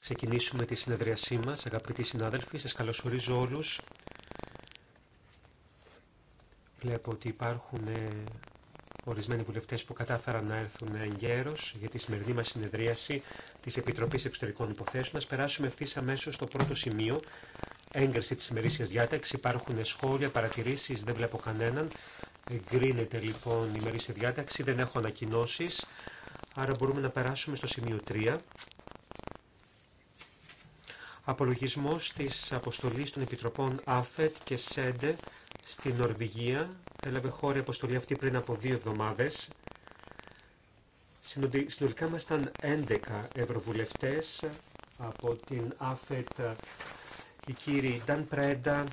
Ξεκινήσουμε τη συνεδρίασή μας, αγαπητοί συνάδελφοι. Σας καλωσορίζω όλους. Βλέπω ότι υπάρχουν ε, ορισμένοι βουλευτές που κατάφεραν να έρθουν εν γέρος για τη σημερινή μας συνεδρίαση της Επιτροπής Εξωτερικών Υποθέσεων. Ας περάσουμε ευθύ αμέσω στο πρώτο σημείο, έγκριση της ημερήσια διάταξη. Υπάρχουν σχόλια, παρατηρήσεις, δεν βλέπω κανέναν. Εγκρίνεται λοιπόν η μερίσια διάταξη, δεν έχω ανακοινώσει, άρα μπορούμε να περάσουμε στο σημείο 3. Απολογισμός της αποστολής των Επιτροπών ΑΦΕΤ και ΣΕΝΤΕ στην Νορβηγία. Έλαβε χώρα η αποστολή αυτή πριν από δύο εβδομάδες. Συνολικά ήμασταν 11 ευρωβουλευτές από την ΑΦΕΤ, Η κύριοι Νταν Πρέντα,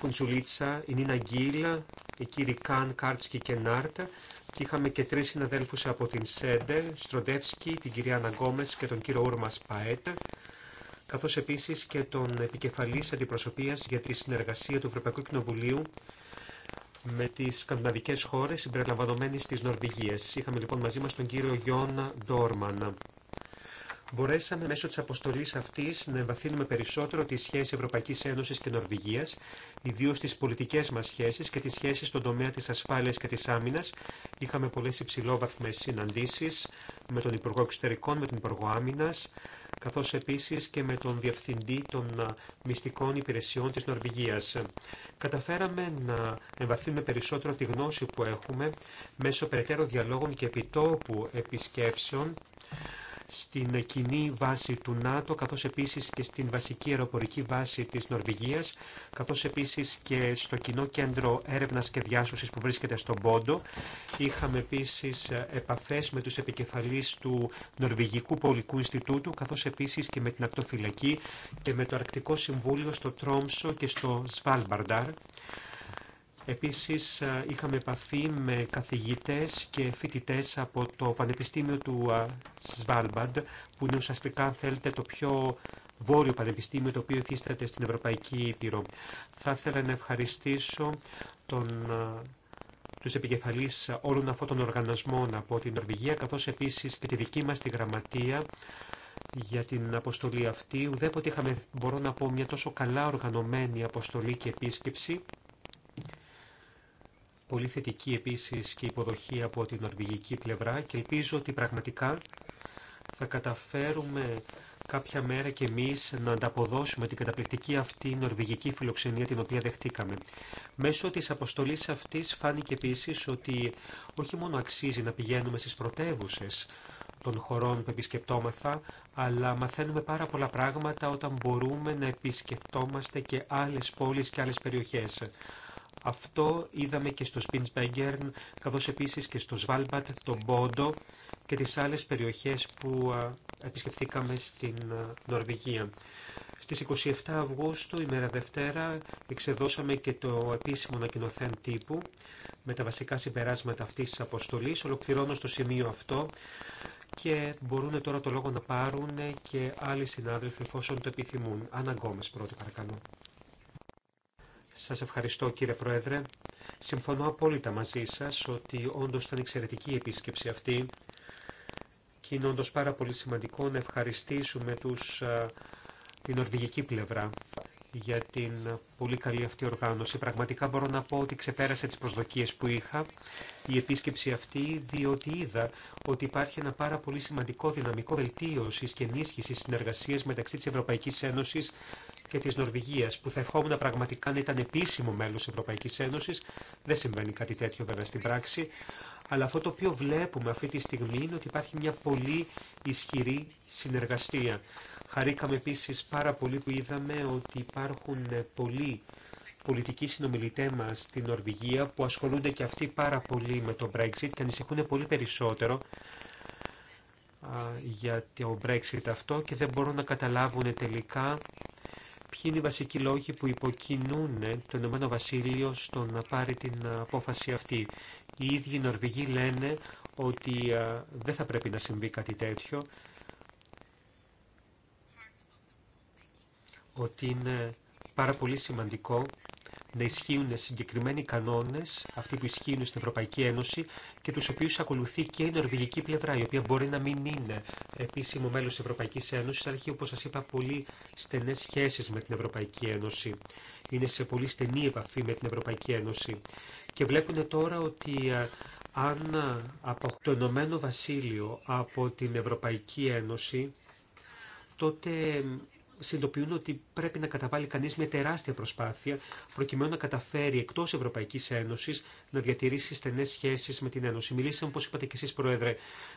Φουντζουλίτσα, η Νίνα Γκίλα, οι κύριοι Καν, Κάρτσκι και Νάρτα και είχαμε και τρεις συναδέλφους από την ΣΕΝΤΕ, Στροντεύσκη, την κυρία Αναγκόμες και τον κύριο Ούρμας Παέτ, καθώς επίσης και τον επικεφαλής αντιπροσωπεία για τη συνεργασία του Ευρωπαϊκού Κοινοβουλίου με τι σκανδιναβικέ χώρε συμπεριλαμβανομένε τη Νορβηγία. Είχαμε λοιπόν μαζί μα τον κύριο Γιώνα Ντόρμαν μπορέσαμε μέσω της αποστολής αυτής να εμβαθύνουμε περισσότερο τη σχέση Ευρωπαϊκής Ένωσης και Νορβηγίας, ιδίως τις πολιτικές μας σχέσεις και τις σχέσεις στον τομέα της ασφάλειας και της άμυνας. Είχαμε πολλές υψηλόβαθμες συναντήσεις με τον Υπουργό Εξωτερικών, με τον Υπουργό Άμυνας, καθώς επίσης και με τον Διευθυντή των Μυστικών Υπηρεσιών της Νορβηγίας. Καταφέραμε να εμβαθύνουμε περισσότερο τη γνώση που έχουμε μέσω περαιτέρω διαλόγων και επιτόπου επισκέψεων στην κοινή βάση του ΝΑΤΟ, καθώς επίσης και στην βασική αεροπορική βάση της Νορβηγίας, καθώς επίσης και στο κοινό κέντρο έρευνας και διάσωσης που βρίσκεται στον Πόντο. Είχαμε επίσης επαφές με τους επικεφαλείς του Νορβηγικού Πολικού Ινστιτούτου, καθώς επίσης και με την Ακτοφυλακή και με το Αρκτικό Συμβούλιο στο Τρόμσο και στο Σβάλμπαρνταρ. Επίσης είχαμε επαφή με καθηγητές και φοιτητές από το Πανεπιστήμιο του Σβάλμπαντ, που είναι ουσιαστικά, αν θέλετε, το πιο βόρειο πανεπιστήμιο το οποίο υφίσταται στην Ευρωπαϊκή Ήπειρο. Θα ήθελα να ευχαριστήσω τον του επικεφαλεί όλων αυτών των οργανισμών από την Νορβηγία, καθώς επίσης και τη δική μα τη γραμματεία για την αποστολή αυτή. Ουδέποτε είχαμε, μπορώ να πω, μια τόσο καλά οργανωμένη αποστολή και επίσκεψη πολύ θετική επίσης και υποδοχή από την νορβηγική πλευρά και ελπίζω ότι πραγματικά θα καταφέρουμε κάποια μέρα και εμείς να ανταποδώσουμε την καταπληκτική αυτή νορβηγική φιλοξενία την οποία δεχτήκαμε. Μέσω της αποστολής αυτής φάνηκε επίσης ότι όχι μόνο αξίζει να πηγαίνουμε στις πρωτεύουσε των χωρών που επισκεπτόμεθα, αλλά μαθαίνουμε πάρα πολλά πράγματα όταν μπορούμε να επισκεφτόμαστε και άλλες πόλεις και άλλες περιοχές. Αυτό είδαμε και στο Σπίνσμπέγκερν, καθώς επίσης και στο Σβάλμπατ, το Μπόντο και τις άλλες περιοχές που επισκεφθήκαμε στην Νορβηγία. Στις 27 Αυγούστου, ημέρα Δευτέρα, εξεδώσαμε και το επίσημο ανακοινωθέν τύπου με τα βασικά συμπεράσματα αυτής της αποστολής. Ολοκληρώνω στο σημείο αυτό και μπορούν τώρα το λόγο να πάρουν και άλλοι συνάδελφοι εφόσον το επιθυμούν. Άννα Γκόμες παρακαλώ. Σας ευχαριστώ κύριε Πρόεδρε. Συμφωνώ απόλυτα μαζί σας ότι όντως ήταν εξαιρετική η επίσκεψη αυτή και είναι όντως πάρα πολύ σημαντικό να ευχαριστήσουμε τους, την ορβηγική πλευρά για την πολύ καλή αυτή οργάνωση. Πραγματικά μπορώ να πω ότι ξεπέρασε τις προσδοκίες που είχα η επίσκεψη αυτή, διότι είδα ότι υπάρχει ένα πάρα πολύ σημαντικό δυναμικό βελτίωση και ενίσχυση συνεργασίας μεταξύ της Ευρωπαϊκής Ένωσης και τη Νορβηγία, που θα ευχόμουν πραγματικά να ήταν επίσημο μέλο τη Ευρωπαϊκή Ένωση. Δεν συμβαίνει κάτι τέτοιο βέβαια στην πράξη. Αλλά αυτό το οποίο βλέπουμε αυτή τη στιγμή είναι ότι υπάρχει μια πολύ ισχυρή συνεργαστία. Χαρήκαμε επίση πάρα πολύ που είδαμε ότι υπάρχουν πολλοί πολιτικοί συνομιλητέ μα στην Νορβηγία που ασχολούνται και αυτοί πάρα πολύ με το Brexit και ανησυχούν πολύ περισσότερο για το Brexit αυτό και δεν μπορούν να καταλάβουν τελικά ποιοι είναι οι βασικοί λόγοι που υποκινούν το Ηνωμένο Βασίλειο στο να πάρει την απόφαση αυτή. Οι ίδιοι οι Νορβηγοί λένε ότι δεν θα πρέπει να συμβεί κάτι τέτοιο, ότι είναι πάρα πολύ σημαντικό να ισχύουν συγκεκριμένοι κανόνες, αυτοί που ισχύουν στην Ευρωπαϊκή Ένωση και τους οποίους ακολουθεί και η νορβηγική πλευρά, η οποία μπορεί να μην είναι επίσημο μέλος της Ευρωπαϊκής Ένωσης, αλλά έχει, όπως σα είπα, πολύ στενές σχέσεις με την Ευρωπαϊκή Ένωση. Είναι σε πολύ στενή επαφή με την Ευρωπαϊκή Ένωση. Και βλέπουν τώρα ότι ε, αν ε, από το Ενωμένο Βασίλειο, από την Ευρωπαϊκή Ένωση, τότε συνειδητοποιούν ότι πρέπει να καταβάλει κανεί μια τεράστια προσπάθεια προκειμένου να καταφέρει εκτό Ευρωπαϊκή Ένωση να διατηρήσει στενέ σχέσει με την Ένωση. Μιλήσαμε, όπω είπατε και εσεί, Πρόεδρε,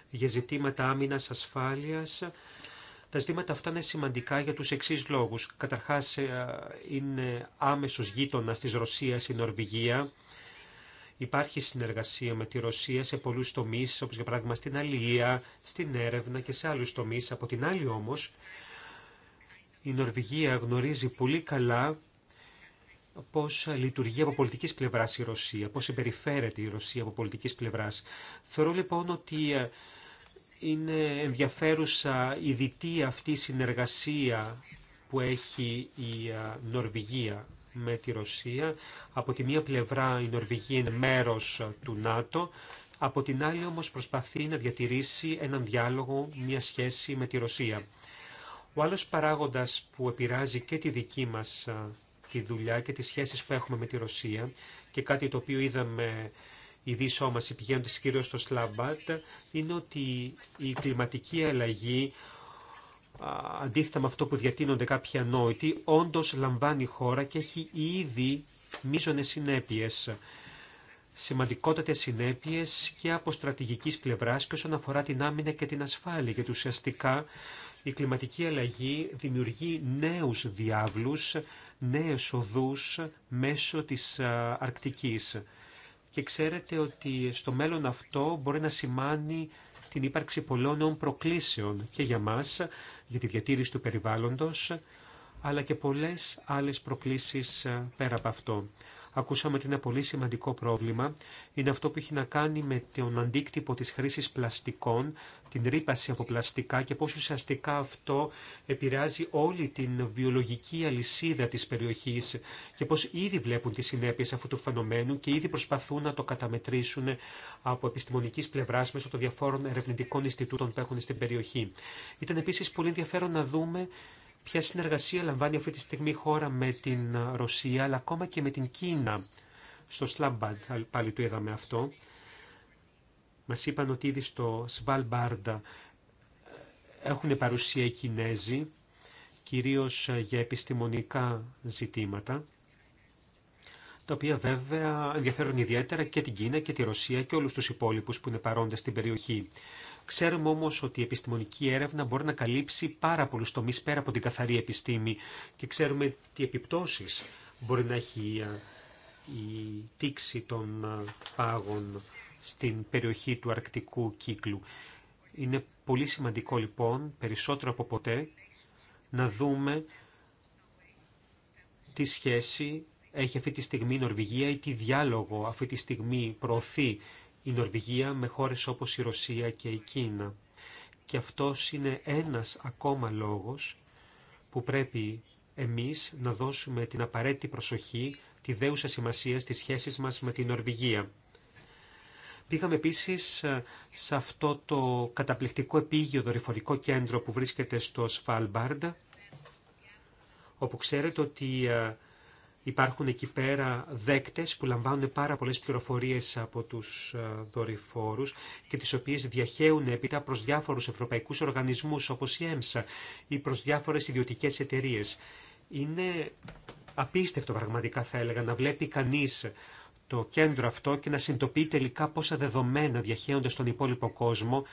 για ζητήματα άμυνα, ασφάλεια. Τα ζητήματα αυτά είναι σημαντικά για του εξή λόγου. Καταρχά ε, είναι άμεσος γείτονα τη Ρωσία η Νορβηγία. Υπάρχει συνεργασία με τη Ρωσία σε πολλού τομεί, όπω για παράδειγμα στην αλληλεία, στην έρευνα και σε άλλου τομεί, Από την άλλη όμω. Η Νορβηγία γνωρίζει πολύ καλά πώ λειτουργεί από πολιτική πλευρά η Ρωσία, πώ συμπεριφέρεται η Ρωσία από πολιτική πλευρά. Θεωρώ λοιπόν ότι ε, είναι ενδιαφέρουσα η δυτή αυτή συνεργασία που έχει η ε, Νορβηγία με τη Ρωσία. Από τη μία πλευρά η Νορβηγία είναι μέρος του ΝΑΤΟ, από την άλλη όμως προσπαθεί να διατηρήσει έναν διάλογο, μια σχέση με τη Ρωσία. Ο άλλος παράγοντας που επηρεάζει και τη δική μας τη δουλειά και τις σχέσεις που έχουμε με τη Ρωσία και κάτι το οποίο είδαμε οι δύο όμως πηγαίνοντας κυρίως στο Σλαμπάτ είναι ότι η κλιματική αλλαγή αντίθετα με αυτό που διατείνονται κάποιοι ανόητοι όντως λαμβάνει χώρα και έχει ήδη μείζονες συνέπειες σημαντικότατες συνέπειες και από στρατηγικής πλευράς και όσον αφορά την άμυνα και την ασφάλεια γιατί ουσιαστικά η κλιματική αλλαγή δημιουργεί νέους διάβλους, νέες οδούς μέσω της ε, Αρκτικής. Και ξέρετε ότι στο μέλλον αυτό μπορεί να σημάνει την ύπαρξη πολλών νέων προκλήσεων και για μας, για τη διατήρηση του περιβάλλοντος, αλλά και πολλές άλλες προκλήσεις ε, πέρα από αυτό ακούσαμε ότι ένα πολύ σημαντικό πρόβλημα είναι αυτό που έχει να κάνει με τον αντίκτυπο της χρήσης πλαστικών, την ρήπαση από πλαστικά και πόσο ουσιαστικά αυτό επηρεάζει όλη την βιολογική αλυσίδα της περιοχής και πώς ήδη βλέπουν τις συνέπειες αυτού του φαινομένου και ήδη προσπαθούν να το καταμετρήσουν από επιστημονικής πλευράς μέσω των διαφόρων ερευνητικών Ινστιτούτων που έχουν στην περιοχή. Ήταν επίσης πολύ ενδιαφέρον να δούμε ποια συνεργασία λαμβάνει αυτή τη στιγμή η χώρα με την Ρωσία, αλλά ακόμα και με την Κίνα. Στο Σλαμπάντ πάλι το είδαμε αυτό. Μας είπαν ότι ήδη στο Σβάλμπαρντ ε, έχουν παρουσία οι Κινέζοι, κυρίως ε, για επιστημονικά ζητήματα τα οποία βέβαια ενδιαφέρουν ιδιαίτερα και την Κίνα και τη Ρωσία και όλους τους υπόλοιπους που είναι παρόντες στην περιοχή. Ξέρουμε όμω ότι η επιστημονική έρευνα μπορεί να καλύψει πάρα πολλού τομεί πέρα από την καθαρή επιστήμη και ξέρουμε τι επιπτώσει μπορεί να έχει η τήξη των πάγων στην περιοχή του αρκτικού κύκλου. Είναι πολύ σημαντικό λοιπόν, περισσότερο από ποτέ, να δούμε τη σχέση έχει αυτή τη στιγμή η Νορβηγία ή τι διάλογο αυτή τη στιγμή προωθεί η Νορβηγία με χώρες όπως η Ρωσία και η Κίνα. Και αυτός είναι ένας ακόμα λόγος που πρέπει εμείς να δώσουμε την απαραίτητη προσοχή, τη δέουσα σημασία στις σχέσεις μας με την Νορβηγία. Πήγαμε επίσης ε, σε αυτό το καταπληκτικό επίγειο δορυφορικό κέντρο που βρίσκεται στο Σφάλμπαρντ, όπου ξέρετε ότι ε, Υπάρχουν εκεί πέρα δέκτες που λαμβάνουν πάρα πολλές πληροφορίες από τους ε, δορυφόρους και τις οποίες διαχέουν έπειτα προς διάφορους ευρωπαϊκούς οργανισμούς όπως η ΕΜΣΑ ή προς διάφορες ιδιωτικές εταιρείες. Είναι απίστευτο πραγματικά θα έλεγα να βλέπει κανείς το κέντρο αυτό και να συνειδητοποιεί τελικά πόσα δεδομένα διαχέονται στον υπόλοιπο κόσμο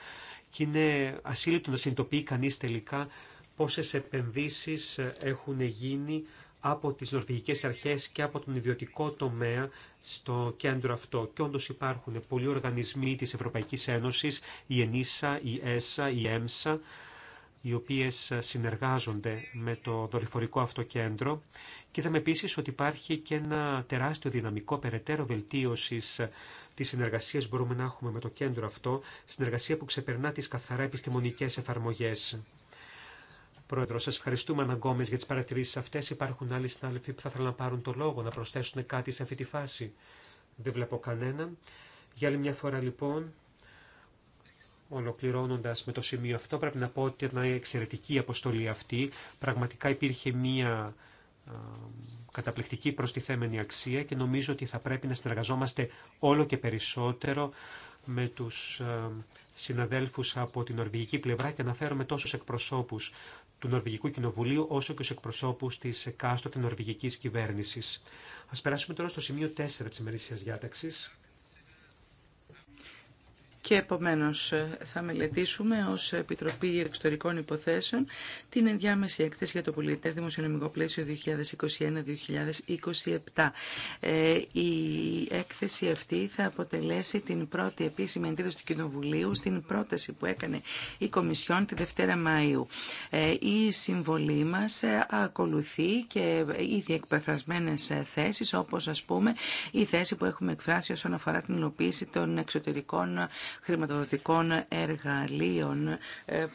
και είναι ασύλληπτο να συνειδητοποιεί κανείς τελικά πόσες επενδύσεις έχουν γίνει από τις νορβηγικές αρχές και από τον ιδιωτικό τομέα στο κέντρο αυτό. Και όντω υπάρχουν πολλοί οργανισμοί της Ευρωπαϊκής Ένωσης, η ΕΝΙΣΑ, η ΕΣΑ, η ΕΜΣΑ, οι οποίες συνεργάζονται με το δορυφορικό αυτό κέντρο. Και είδαμε επίσης ότι υπάρχει και ένα τεράστιο δυναμικό περαιτέρω βελτίωσης τη που μπορούμε να έχουμε με το κέντρο αυτό, συνεργασία που ξεπερνά τι καθαρά επιστημονικέ εφαρμογέ. Πρόεδρο, σα ευχαριστούμε, Αναγκόμε, για τι παρατηρήσει αυτέ. Υπάρχουν άλλοι συνάδελφοι που θα ήθελαν να πάρουν το λόγο, να προσθέσουν κάτι σε αυτή τη φάση. Δεν βλέπω κανέναν. Για άλλη μια φορά, λοιπόν, Ολοκληρώνοντα με το σημείο αυτό, πρέπει να πω ότι ήταν εξαιρετική αποστολή αυτή. Πραγματικά υπήρχε μία καταπληκτική προστιθέμενη αξία και νομίζω ότι θα πρέπει να συνεργαζόμαστε όλο και περισσότερο με τους συναδέλφους από την νορβηγική πλευρά και αναφέρομαι τόσο σε εκπροσώπους του Νορβηγικού Κοινοβουλίου όσο και στου εκπροσώπους της εκάστοτε Νορβηγική κυβέρνησης. Ας περάσουμε τώρα στο σημείο 4 της ημερήσια διάταξης και επομένω ε, θα μελετήσουμε ως Επιτροπή Εξωτερικών Υποθέσεων την ενδιάμεση έκθεση για το πολιτε δημοσιονομικο δημοσιονομικό πλαίσιο 2021-2027. Ε, η έκθεση αυτή θα αποτελέσει την πρώτη επίσημη εντύπωση του Κοινοβουλίου στην πρόταση που έκανε η Κομισιόν τη Δευτέρα Μαΐου. Ε, η συμβολή μας ακολουθεί και ήδη εκπεφρασμένε θέσει, όπω α πούμε η θέση που έχουμε εκφράσει όσον αφορά την υλοποίηση των εξωτερικών χρηματοδοτικών εργαλείων ε,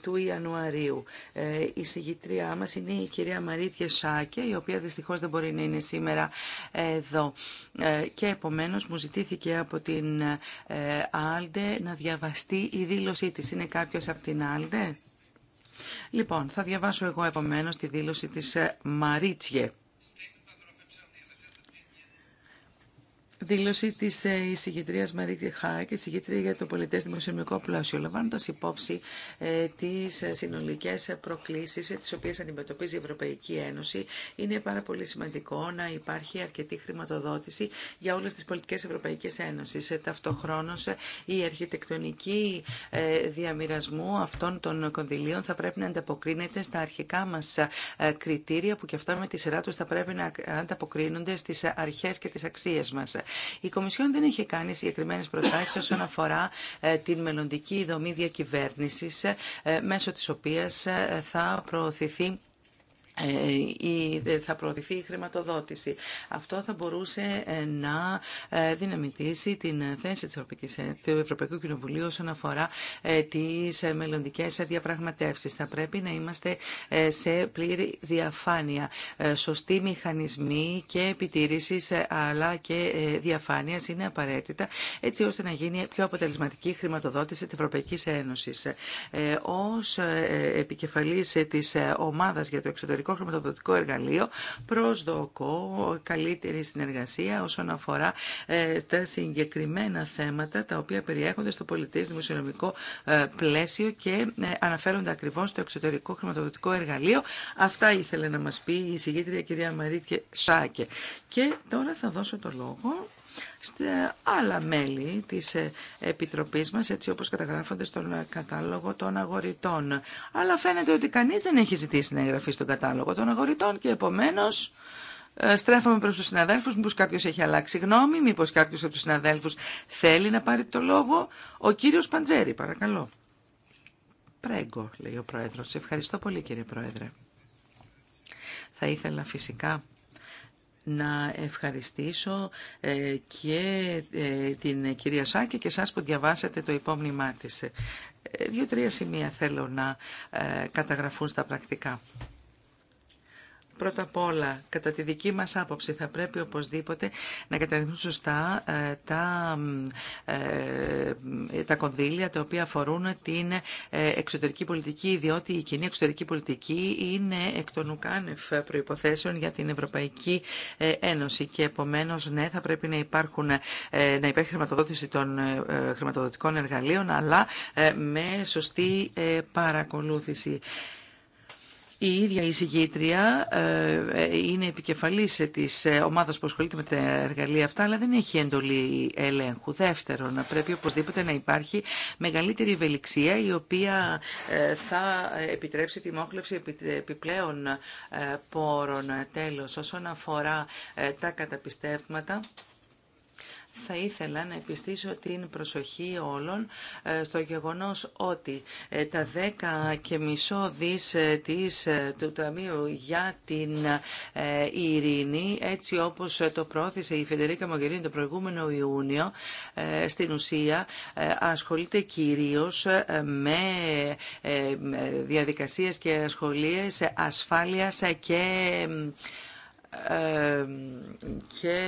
του Ιανουαρίου. Ε, η συγγητριά μας είναι η κυρία Μαρίτια Σάκε, η οποία δυστυχώς δεν μπορεί να είναι σήμερα εδώ. Ε, και επομένως μου ζητήθηκε από την Άλντε να διαβαστεί η δήλωσή της. Είναι κάποιος από την Άλντε? Λοιπόν, θα διαβάσω εγώ επομένως τη δήλωση της Μαρίτσιε. δήλωση τη ε, εισηγητρία Μαρίκη Χάκη, εισηγητρία για το πολιτέ δημοσιονομικό πλαίσιο, λαμβάνοντα υπόψη ε, τι συνολικέ προκλήσει ε, ε τι οποίε αντιμετωπίζει η Ευρωπαϊκή Ένωση, είναι πάρα πολύ σημαντικό να υπάρχει αρκετή χρηματοδότηση για όλε τι πολιτικέ Ευρωπαϊκή Ένωση. Ε, Ταυτοχρόνω, ε, η αρχιτεκτονική ε, διαμοιρασμού αυτών των κονδυλίων θα πρέπει να ανταποκρίνεται στα αρχικά μα κριτήρια, που και αυτά με τη σειρά του θα πρέπει να ανταποκρίνονται στι αρχέ και τι αξίε μα. Η Κομισιόν δεν είχε κάνει συγκεκριμένε προτάσει όσον αφορά ε, την μελλοντική δομή διακυβέρνηση ε, μέσω τη οποία ε, θα προωθηθεί ε, ή θα προωθηθεί η χρηματοδότηση. Αυτό θα μπορούσε ε, να ε, δυναμητήσει την θέση της Ευρωπαϊκής, του Ευρωπαϊκού Κοινοβουλίου όσον αφορά τις μελλοντικές διαπραγματεύσεις. Θα πρέπει να είμαστε σε πλήρη διαφάνεια. Σωστοί μηχανισμοί και επιτήρησης αλλά και διαφάνειας είναι απαραίτητα έτσι ώστε να γίνει πιο αποτελεσματική χρηματοδότηση της Ευρωπαϊκής Ένωσης. Ως επικεφαλής της ομάδας για το εξωτερικό χρηματοδοτικό εργαλείο. Προσδοκώ καλύτερη συνεργασία όσον αφορά ε, τα συγκεκριμένα θέματα τα οποία περιέχονται στο πολιτές δημοσιονομικό ε, πλαίσιο και ε, αναφέρονται ακριβώς στο εξωτερικό χρηματοδοτικό εργαλείο. Αυτά ήθελε να μας πει η συγγήτρια κυρία Μαρίτια Σάκε. Και τώρα θα δώσω το λόγο στα άλλα μέλη της ε, Επιτροπής μας, έτσι όπως καταγράφονται στον κατάλογο των αγοριτών. Αλλά φαίνεται ότι κανείς δεν έχει ζητήσει να εγγραφεί στον κατάλογο των αγοριτών και επομένως... Ε, Στρέφαμε προς τους συναδέλφους, μήπως κάποιος έχει αλλάξει γνώμη, μήπως κάποιος από τους συναδέλφους θέλει να πάρει το λόγο. Ο κύριος Παντζέρη, παρακαλώ. Πρέγκο, λέει ο Πρόεδρος. Ευχαριστώ πολύ κύριε Πρόεδρε. Θα ήθελα φυσικά να ευχαριστήσω ε, και ε, την κυρία Σάκη και σας που διαβάσατε το υπόμνημά της. Ε, δύο-τρία σημεία θέλω να καταγραφούν στα πρακτικά. Πρώτα απ' όλα, κατά τη δική μας άποψη, θα πρέπει οπωσδήποτε να κατανοηθούν σωστά ε, τα, ε, ε, τα κονδύλια τα οποία αφορούν την εξωτερική πολιτική, διότι η κοινή εξωτερική πολιτική είναι εκ των ουκάνευ προϋποθέσεων για την Ευρωπαϊκή Ένωση και επομένως, ναι, θα πρέπει να, υπάρχουν, να υπάρχει χρηματοδότηση των χρηματοδοτικών εργαλείων, αλλά με σωστή παρακολούθηση. Η ίδια η συγγήτρια ε, ε, είναι επικεφαλής της ε, ομάδας που ασχολείται με τα εργαλεία αυτά, αλλά δεν έχει εντολή ελέγχου. Δεύτερον, πρέπει οπωσδήποτε να υπάρχει μεγαλύτερη ευελιξία, η οποία θα επιτρέψει τη μόχλευση επιπλέον πόρων. Τέλος, όσον αφορά τα καταπιστεύματα, θα ήθελα να επιστήσω την προσοχή όλων ε, στο γεγονός ότι ε, τα 10 και μισό δις ε, της, του Ταμείου για την ειρήνη, έτσι όπως το πρόθεσε η Φεντερίκα Μογερίνη το προηγούμενο Ιούνιο, στην ουσία ασχολείται κυρίως με διαδικασίες και ασχολίες ασφάλειας και και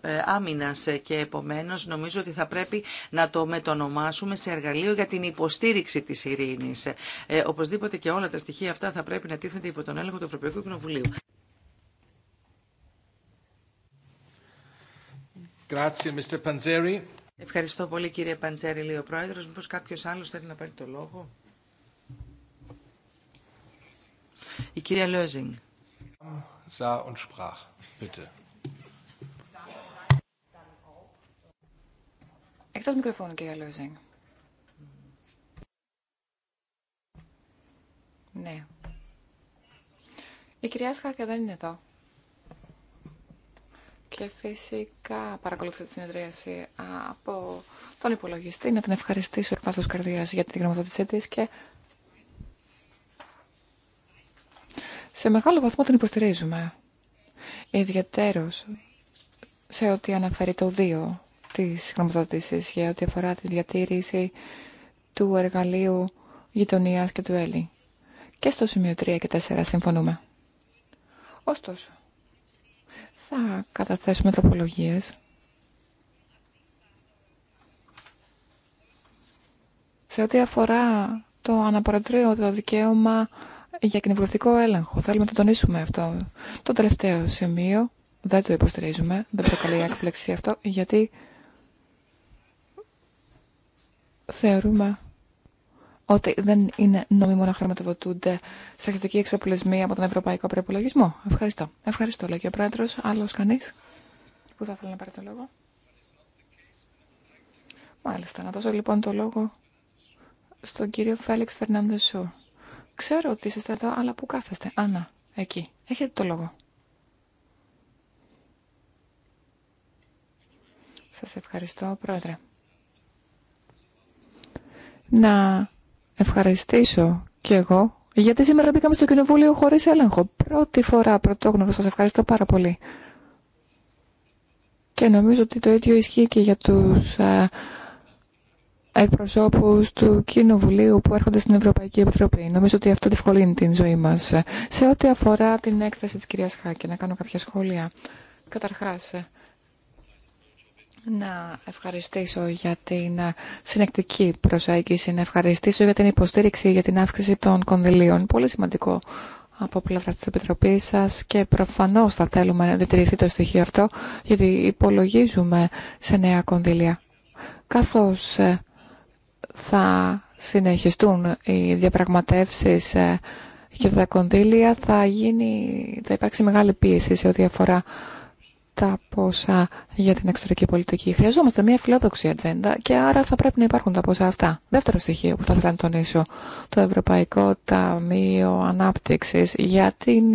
ε, άμυνας ε, και επομένως νομίζω ότι θα πρέπει να το μετονομάσουμε σε εργαλείο για την υποστήριξη της ειρήνης. Ε, οπωσδήποτε και όλα τα στοιχεία αυτά θα πρέπει να τίθενται υπό τον έλεγχο του Ευρωπαϊκού Κοινοβουλίου. Ευχαριστώ πολύ κύριε Παντζέρη, λέει ο Πρόεδρος. Μήπως κάποιος άλλος θέλει να πάρει το λόγο. Η κυρία Λόζινγκ sah und sprach. Bitte. Εκτός μικροφώνου, κυρία Λόιζινγκ. Ναι. Η κυρία Σχάκια δεν είναι εδώ. Και φυσικά παρακολουθώ τη συνεδρίαση από τον υπολογιστή. Να την ευχαριστήσω εκ βάθους καρδίας για την γνωμοδότησή της και σε μεγάλο βαθμό την υποστηρίζουμε. ιδιαίτερως σε ό,τι αναφέρει το 2 της χρηματοδότησης για ό,τι αφορά τη διατήρηση του εργαλείου γειτονία και του Έλλη. Και στο σημείο 3 και 4 συμφωνούμε. Ωστόσο, θα καταθέσουμε τροπολογίες σε ό,τι αφορά το αναπαρατρίο, το δικαίωμα για κοινοβουλευτικό έλεγχο. Θέλουμε να το τονίσουμε αυτό. Το τελευταίο σημείο δεν το υποστηρίζουμε, δεν προκαλεί έκπληξη αυτό, γιατί θεωρούμε ότι δεν είναι νόμιμο να χρηματοδοτούνται στρατιωτικοί εξοπλισμοί από τον Ευρωπαϊκό Προπολογισμό. Ευχαριστώ. Ευχαριστώ, λέει ο Πρόεδρο. Άλλο κανεί που θα θέλει να πάρει το λόγο. Μάλιστα, να δώσω λοιπόν το λόγο στον κύριο Φέλεξ Φερνάνδε Σου. Ξέρω ότι είστε εδώ, αλλά πού κάθεστε. Άννα, εκεί. Έχετε το λόγο. Σας ευχαριστώ, Πρόεδρε. Να ευχαριστήσω κι εγώ, γιατί σήμερα μπήκαμε στο Κοινοβούλιο χωρίς έλεγχο. Πρώτη φορά πρωτόγνωρο, σας ευχαριστώ πάρα πολύ. Και νομίζω ότι το ίδιο ισχύει και για τους ε, εκπροσώπου του Κοινοβουλίου που έρχονται στην Ευρωπαϊκή Επιτροπή. Νομίζω ότι αυτό διευκολύνει την ζωή μα. Σε ό,τι αφορά την έκθεση τη κυρία Χάκη, να κάνω κάποια σχόλια. Καταρχά να ευχαριστήσω για την συνεκτική προσέγγιση, να ευχαριστήσω για την υποστήριξη, για την αύξηση των κονδυλίων. Πολύ σημαντικό από πλευρά της Επιτροπής σας και προφανώς θα θέλουμε να διατηρηθεί το στοιχείο αυτό, γιατί υπολογίζουμε σε νέα κονδυλία. Καθώς ε, θα συνεχιστούν οι διαπραγματεύσεις ε, για τα κονδύλια, θα, γίνει, θα υπάρξει μεγάλη πίεση σε ό,τι αφορά τα πόσα για την εξωτερική πολιτική. Χρειαζόμαστε μια φιλόδοξη ατζέντα και άρα θα πρέπει να υπάρχουν τα πόσα αυτά. Δεύτερο στοιχείο που θα ήθελα να τονίσω, το Ευρωπαϊκό Ταμείο Ανάπτυξης για την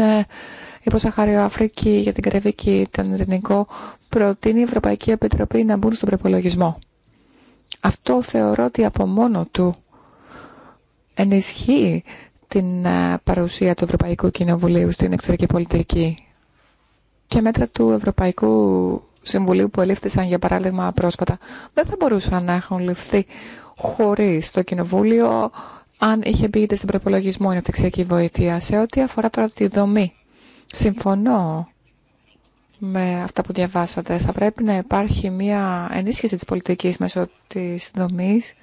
Υποσαχάριο ε, Αφρική, για την Κρεβική, τον Ειρηνικό, προτείνει η Ευρωπαϊκή Επιτροπή να μπουν στον προπολογισμό. Αυτό θεωρώ ότι από μόνο του ενισχύει την ε, παρουσία του Ευρωπαϊκού Κοινοβουλίου στην εξωτερική πολιτική και μέτρα του Ευρωπαϊκού Συμβουλίου που ελήφθησαν για παράδειγμα πρόσφατα δεν θα μπορούσαν να έχουν ληφθεί χωρίς το Κοινοβούλιο αν είχε μπει στην προπολογισμό η αναπτυξιακή βοήθεια σε ό,τι αφορά τώρα τη δομή. Συμφωνώ με αυτά που διαβάσατε. Θα πρέπει να υπάρχει μια ενίσχυση της πολιτικής μέσω της δομής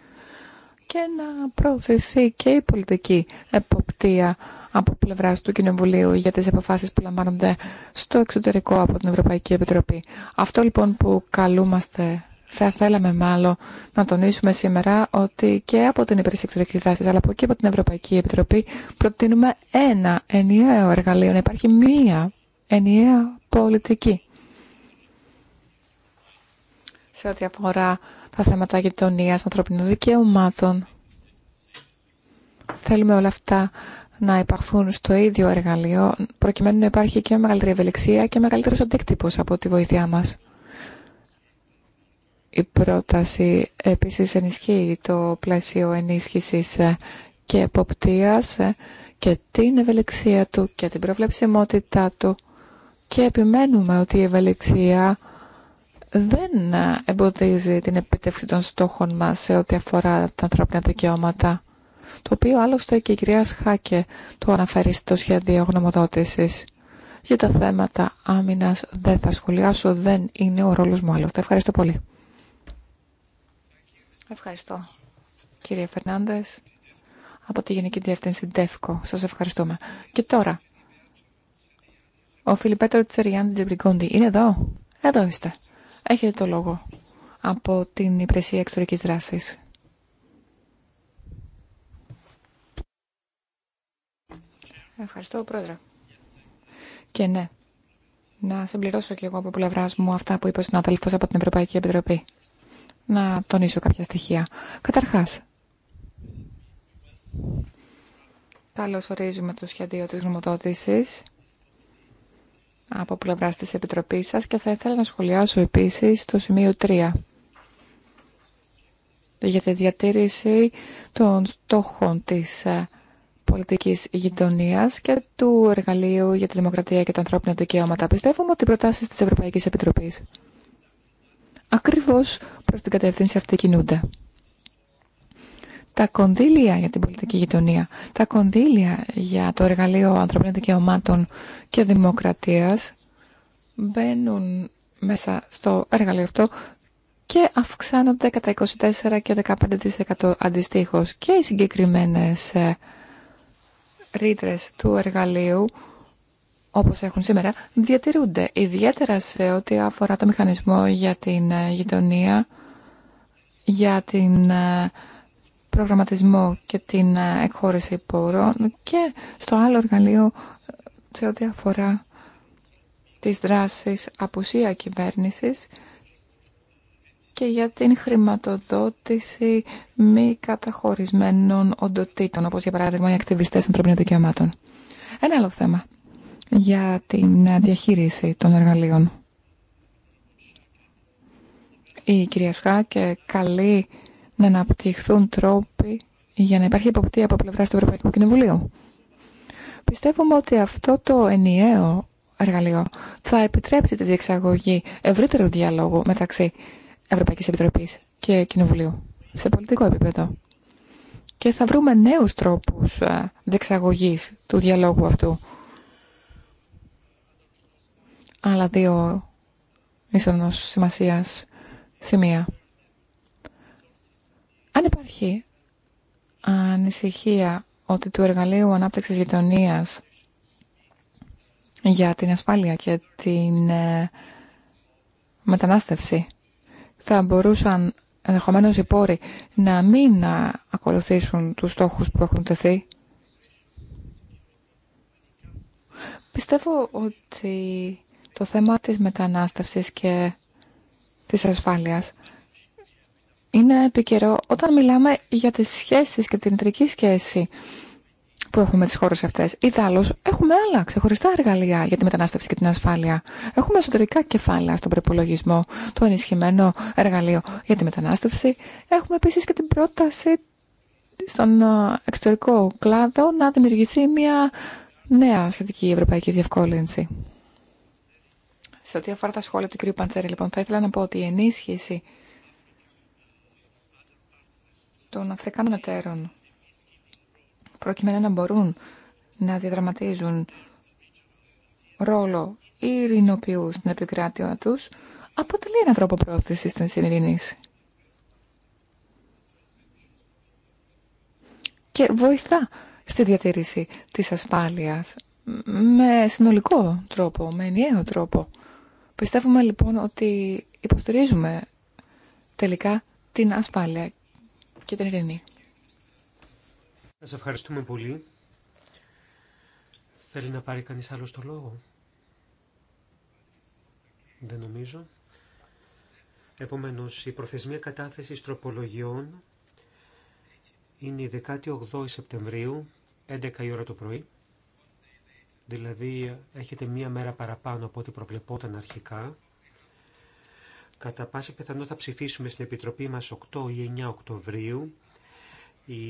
και να προωθηθεί και η πολιτική εποπτεία από πλευρά του Κοινοβουλίου για τις αποφάσεις που λαμβάνονται στο εξωτερικό από την Ευρωπαϊκή Επιτροπή. Αυτό λοιπόν που καλούμαστε θα θέλαμε μάλλον να τονίσουμε σήμερα ότι και από την Υπηρεσία Εξωτερικής Δράσης αλλά και από την Ευρωπαϊκή Επιτροπή προτείνουμε ένα ενιαίο εργαλείο, να υπάρχει μία ενιαία πολιτική. Σε ό,τι αφορά τα θέματα γειτονίας, ανθρωπινών δικαιωμάτων, θέλουμε όλα αυτά να υπαρχούν στο ίδιο εργαλείο, προκειμένου να υπάρχει και μεγαλύτερη ευελιξία και μεγαλύτερος αντίκτυπος από τη βοήθειά μας. Η πρόταση επίσης ενισχύει το πλαίσιο ενίσχυσης και εποπτείας και την ευελιξία του και την προβλεψιμότητά του και επιμένουμε ότι η ευελιξία δεν εμποδίζει την επιτεύξη των στόχων μας σε ό,τι αφορά τα ανθρώπινα δικαιώματα, το οποίο άλλωστε και η κυρία Σχάκε το αναφέρει στο σχέδιο γνωμοδότησης. Για τα θέματα άμυνας δεν θα σχολιάσω, δεν είναι ο ρόλος μου άλλωστε. Ευχαριστώ πολύ. Ευχαριστώ. Κύριε Φερνάνδες, από τη Γενική Διεύθυνση ΤΕΦΚΟ, σας ευχαριστούμε. Και τώρα, ο Φιλιππέτρο Τσεριάν Τζεμπριγκόντι είναι εδώ. Εδώ είστε. Έχετε το λόγο από την Υπηρεσία Εξωτερικής Δράσης. Ευχαριστώ, Πρόεδρε. Και ναι, να συμπληρώσω και εγώ από πλευρά μου αυτά που είπε ο συνάδελφο από την Ευρωπαϊκή Επιτροπή. Να τονίσω κάποια στοιχεία. Καταρχά, καλώ ορίζουμε το σχέδιο τη γνωμοδότηση από πλευρά τη Επιτροπή σας και θα ήθελα να σχολιάσω επίση το σημείο 3 για τη διατήρηση των στόχων της ε, πολιτικής γειτονία και του εργαλείου για τη δημοκρατία και τα ανθρώπινα δικαιώματα. Πιστεύουμε ότι οι προτάσει της Ευρωπαϊκή Επιτροπή. ακριβώς προς την κατεύθυνση αυτή κινούνται τα κονδύλια για την πολιτική γειτονία, τα κονδύλια για το εργαλείο ανθρωπίνων δικαιωμάτων και δημοκρατίας μπαίνουν μέσα στο εργαλείο αυτό και αυξάνονται κατά 24 και 15% αντιστοίχως και οι συγκεκριμένες ε, ρήτρε του εργαλείου όπως έχουν σήμερα, διατηρούνται ιδιαίτερα σε ό,τι αφορά το μηχανισμό για την ε, γειτονία, για την ε, προγραμματισμό και την ε, εκχώρηση πόρων και στο άλλο εργαλείο ε, σε ό,τι αφορά τις δράσεις απουσία κυβέρνησης και για την χρηματοδότηση μη καταχωρισμένων οντοτήτων, όπως για παράδειγμα οι ακτιβιστές ανθρωπίνων δικαιωμάτων. Ένα άλλο θέμα για την ε, διαχείριση των εργαλείων. Η κυρία και καλεί να αναπτυχθούν τρόποι για να υπάρχει υποπτή από πλευρά του Ευρωπαϊκού Κοινοβουλίου. Πιστεύουμε ότι αυτό το ενιαίο εργαλείο θα επιτρέψει τη διεξαγωγή ευρύτερου διαλόγου μεταξύ Ευρωπαϊκής Επιτροπής και Κοινοβουλίου σε πολιτικό επίπεδο. Και θα βρούμε νέους τρόπους ε, διεξαγωγής του διαλόγου αυτού. Άλλα δύο ίσονος σημασίας σημεία. Αν υπάρχει ανησυχία ότι του εργαλείου ανάπτυξης γειτονία για την ασφάλεια και την ε, μετανάστευση θα μπορούσαν ενδεχομένω οι πόροι να μην ακολουθήσουν τους στόχους που έχουν τεθεί. Πιστεύω ότι το θέμα της μετανάστευσης και της ασφάλειας είναι επικαιρό όταν μιλάμε για τις σχέσεις και την εταιρική σχέση που έχουμε τις χώρες αυτές. Ιδάλλως έχουμε άλλα ξεχωριστά εργαλεία για τη μετανάστευση και την ασφάλεια. Έχουμε εσωτερικά κεφάλαια στον προπολογισμό, το ενισχυμένο εργαλείο για τη μετανάστευση. Έχουμε επίσης και την πρόταση στον ε, εξωτερικό κλάδο να δημιουργηθεί μια νέα σχετική ευρωπαϊκή διευκόλυνση. Σε ό,τι αφορά τα σχόλια του κ. Παντσέρη, λοιπόν, θα ήθελα να πω ότι η ενίσχυση των Αφρικάνων εταίρων προκειμένου να μπορούν να διαδραματίζουν ρόλο ειρηνοποιού στην επικράτεια τους αποτελεί έναν τρόπο πρόθεσης της ειρηνής. Και βοηθά στη διατήρηση της ασφάλειας με συνολικό τρόπο, με ενιαίο τρόπο. Πιστεύουμε λοιπόν ότι υποστηρίζουμε τελικά την ασφάλεια και την ειρήνη. Σας ευχαριστούμε πολύ. Θέλει να πάρει κανείς άλλο το λόγο. Δεν νομίζω. Επομένως, η προθεσμία κατάθεσης τροπολογιών είναι η 18η Σεπτεμβρίου, 11 η ώρα το πρωί. Δηλαδή, έχετε μία μέρα παραπάνω από ό,τι προβλεπόταν αρχικά. Κατά πάσα πιθανότητα θα ψηφίσουμε στην Επιτροπή μας 8 ή 9 Οκτωβρίου.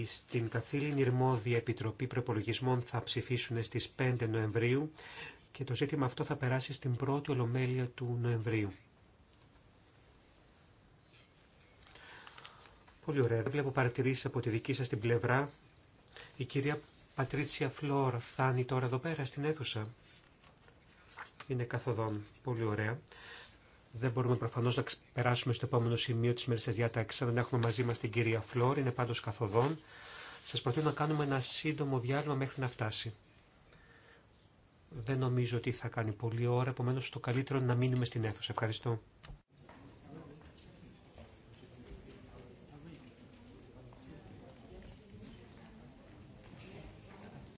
στην καθήλυνη Ηρμόδια Επιτροπή Προπολογισμών θα ψηφίσουν στις 5 Νοεμβρίου και το ζήτημα αυτό θα περάσει στην πρώτη Ολομέλεια του Νοεμβρίου. Πολύ ωραία. Δεν βλέπω παρατηρήσεις από τη δική σας την πλευρά. Η κυρία Πατρίτσια Φλόρ φτάνει τώρα εδώ πέρα στην αίθουσα. Είναι καθοδόν. Πολύ ωραία. Δεν μπορούμε προφανώ να περάσουμε στο επόμενο σημείο τη μερική διάταξη αν δεν έχουμε μαζί μα την κυρία Φλόρ. Είναι πάντω καθοδόν. Σα προτείνω να κάνουμε ένα σύντομο διάλειμμα μέχρι να φτάσει. Δεν νομίζω ότι θα κάνει πολλή ώρα, επομένω το καλύτερο είναι να μείνουμε στην αίθουσα. Ευχαριστώ.